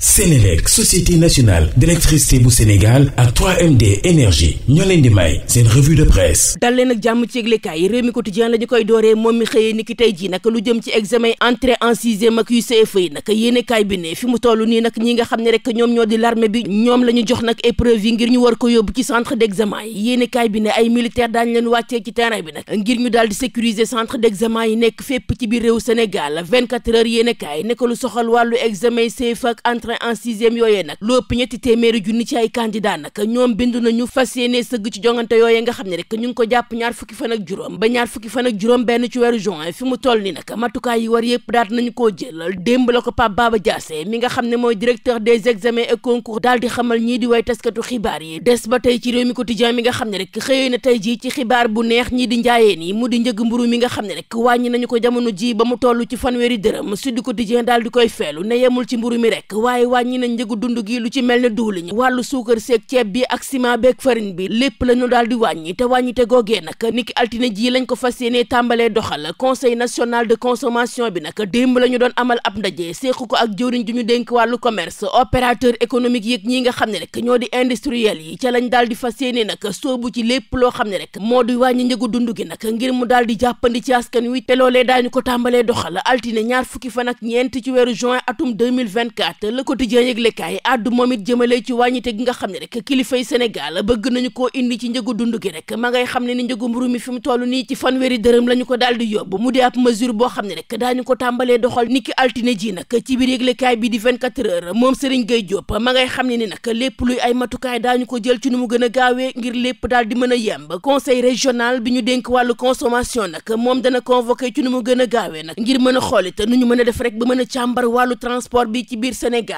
Sénélec société nationale d'électricité bu Sénégal ak md énergie ñoo leen di may seen revue de presse dal ak jàmm ci yëglekaay yi réew mi quotidien la ñu koy dooree moom mi xëyee ni ki tey ji nag lu jëm ci examen entrée en sixième ak UCFEE yi nag yéenekaay bi ne fi mu toll nii nag ñi nga xam ne rek ñoom ñoo di l'armée bi ñoom la ñu jox nag épreuve yi ngir ñu war ko yóbbu ci centre d'examen yi yenekaay bi ne ay militaire daañu leen wàccee ci terrain bi nag ngir ñu daal di sécuriser centre d'examen yi nekk fépp ci biir réew Sénégal 24 heures yéenekaay ne ko lu soxal wàllu examen en sixième yooyee nag lu ëpp ñetti téeméeri junni ci ay candidat nag ñoom bindu nañu fas yéene sëgg ci jongante yooyee nga xam ne rek ñu ngi ko jàpp ñaar fukki fan ak juróom ba ñaar fukki fan ak juróom benn ci weeru juin fi mu toll ni nag matukaay yi war yëpp daat nañu koo jëlal démb la ko Pape Baba Diassé mi nga xam ne mooy directeur des examens et concours daal di xamal ñii di way taskatu xibaar yi des ba tey ci réew mi quotidien mi nga xam ne rek xëyee na tey jii ci xibaar bu neex ñii di njaayeen yi mu di njëg mburu mi nga xam ne rek wàññi nañu ko jamono ji ba mu toll ci fanweeri dërëm Sud Quotidien daal di koy feelu ne yemul ci mburu mi rek gaay wàññi nañ njëgu dund gi lu ci mel ne duwliñ wàllu suukar seeg ceeb bi ak ciment beeg farine bi lépp la ñu daal di wàññi te wàññite googee nag niki altine ji lañ ko fa yéenee tàmbalee doxal conseil national de consommation bi nag démb la ñu amal ab ndaje séequ ko ak jëwriñ ju ñu dénk wàllu commerce opérateur économique yëg ñi nga xam ne rek ñoo di industriel yi ca lañ daal di fas yéenee nag soobu ci lépp loo xam ne rek moo di wàññi njëgu dund gi nag ngir mu daal di jàppandi ci askan wi te loolee ko tàmbalee doxal altine ñaar fukki fan ak ñeent ci weeru juin atum 2024 quotidien yëglekaay addu moom it jëmale ci wàññite gi nga xam ne rek kilifay Sénégal bëgg nañu ko indi ci njëgu dund gi rek ma ngay xam ne ni njëgu mi fi mu toll nii ci fanweeri dërëm la ko daal di yóbbu mu di xam ne rek daañu ko tàmbalee doxal niki altine ji nag ci biir yëglekaay bi di 24 heures moom Serigne Gueye Diop ma ngay xam ne ni nag lépp luy ay matukaay daañu ko jël ci nu mu gën a gaawee ngir lépp daal di mën a yemb conseil régional bi ñu dénk wàllu consommation nag moom dana convoqué ci nu mu gën a gaawee nag ngir mën a xool it nu ñu mën a def rek ba mën a càmbar wàllu transport bi ci biir Sénégal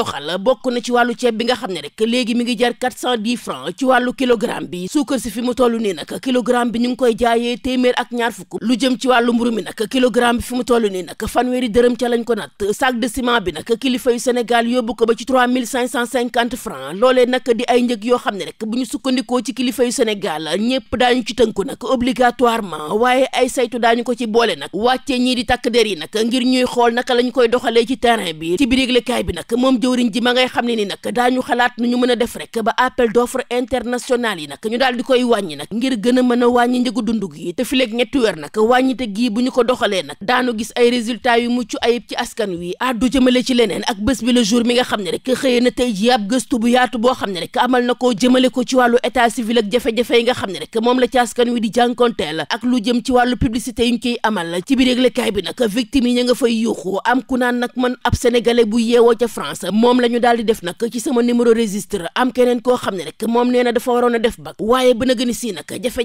doxal bokk na ci wàllu ceeb bi nga xam ne rek léegi mi ngi jar quatre cent dix francs ci wàllu kilogramme bi suukar si fi mu toll nii nag kilogramme bi ñu ngi koy jaayee téeméer ak ñaar fukk lu jëm ci wàllu mburu mi nag kilogramme bi fi mu toll nii nag fanweeri dërëm ca lañ ko natt sac de ciment bi nag kilifa Sénégal yóbbu ko ba ci trois mille cinq cent cinquante francs loolee nag di ay njëg yoo xam ne rek bu ñu sukkandikoo ci kilifa yu Sénégal ñëpp da ci tënku nag obligatoirement waaye ay saytu daañu ko ci boole nag wàccee ñii di takk der yi nag ngir ñuy xool naka lañ koy doxalee bi jëwriñ ji ma ngay xam ne ni nag daañu xalaat nu ñu mën a def rek ba appel d'offre international yi nag ñu daal di koy wàññi nag ngir gën a mën a wàññi njëgu dund gi te fileeg ñetti weer nag wàññite gii bu ñu ko doxalee nag daanu gis ay résultats yu mucc ayib ci askan wi àddu jëmale ci leneen ak bés bi la jour mi nga xam ne rek xëyee na tey ji ab gëstu bu yaatu boo xam ne rek amal na koo jëmale ko ci wàllu état civil ak jafe-jafe yi nga xam ne moom la ci di jànkonteel ak lu jëm ci wàllu publicité yu ñu koy amal ci biir yëglekaay bi nag victime yi ña nga fay yuuxu am ku naan nag man moom la ñu daal di def nag ci sama numéro registre am keneen koo xam ne rek moom nee na dafa waroon a def bac waaye bën a gën a sii nag jafe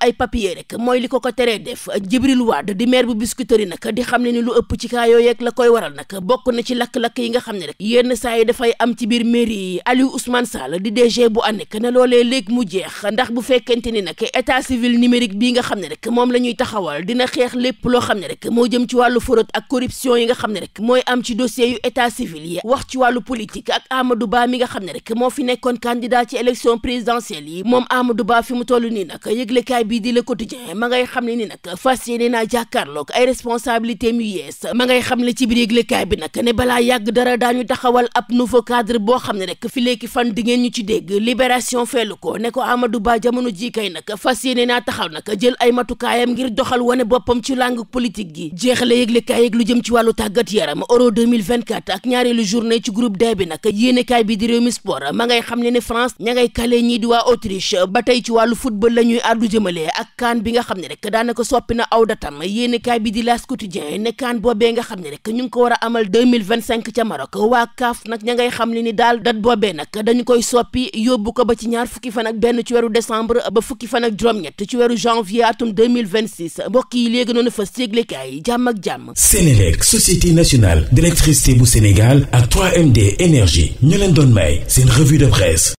ay papier rek mooy li ko ko teree def Jibril Wade di maire bu Biscuiterie nag di xam ne ni lu ëpp ci yooyu ak la koy waral nag bokk na ci lakk-lakk yi nga xam ne rek yenn saa yi dafay am ci biir mairie yi Aliou Ousmane Sall di DG bu ANEC ne loolee léegi mu jeex ndax bu fekkente ni nag état civil numérique bii nga xam ne rek moom la ñuy taxawal dina xeex lépp loo xam ne rek moo jëm ci wàllu fraude ak corruption yi nga xam ne rek mooy am ci dossier yu état civil yi wax ci wàllu politique ak Amadou Ba mi nga xam ne rek moo fi nekkoon candidat ci élection présidentielle yi moom amadu Ba fi mu toll nii nag yëglekaay bi di Le Quotidien ma ngay xam ne ni nag fas yéene naa jàkkaarloog ay responsabilité mu yees ma ngay xam ne ci biir yëglekaay bi nag ne balaa yàgg dara daa daañu taxawal ab nouveau cadre boo xam ne rek fi léegi fan di ngeen ñu ci dégg libération feelu ko ne ko Amadou Ba jamono jii kay nag fas yéene naa taxaw nag jël ay matukaayam ngir doxal wane boppam ci langue politique gi jeexale yëglekaay yeeg lu jëm ci wàllu tàggat yaram euro 2024 ak ci groupe D bi nag yéenekaay bi di réew mi sport ma ngay xam ne ne France ña ngay kale ñii di waa Autriche ba tey ci wàllu football la ñuy àddu jëmale ak kaan bi nga xam ne rek daanaka soppi na aw datam yéenekaay bi di L'As Quotidien ne kaan boobee nga xam ne rek ñu ngi ko war a amal 2025 ca Maroc waa CAF nag ña ngay xam ne ni daal dat boobee nag dañu koy soppi yóbbu ko ba ci ñaar fukki fan ak benn ci weeru décembre ba fukki fan ak juróom-ñett ci weeru janvier atum 2026 mbokk yi léegi noonu fa séeglekaay jàmm ak jàmm Sénélec société nationale d'électricité bu Sénégal ak 3 3MD énergie ñu leen doon may seen revue de presse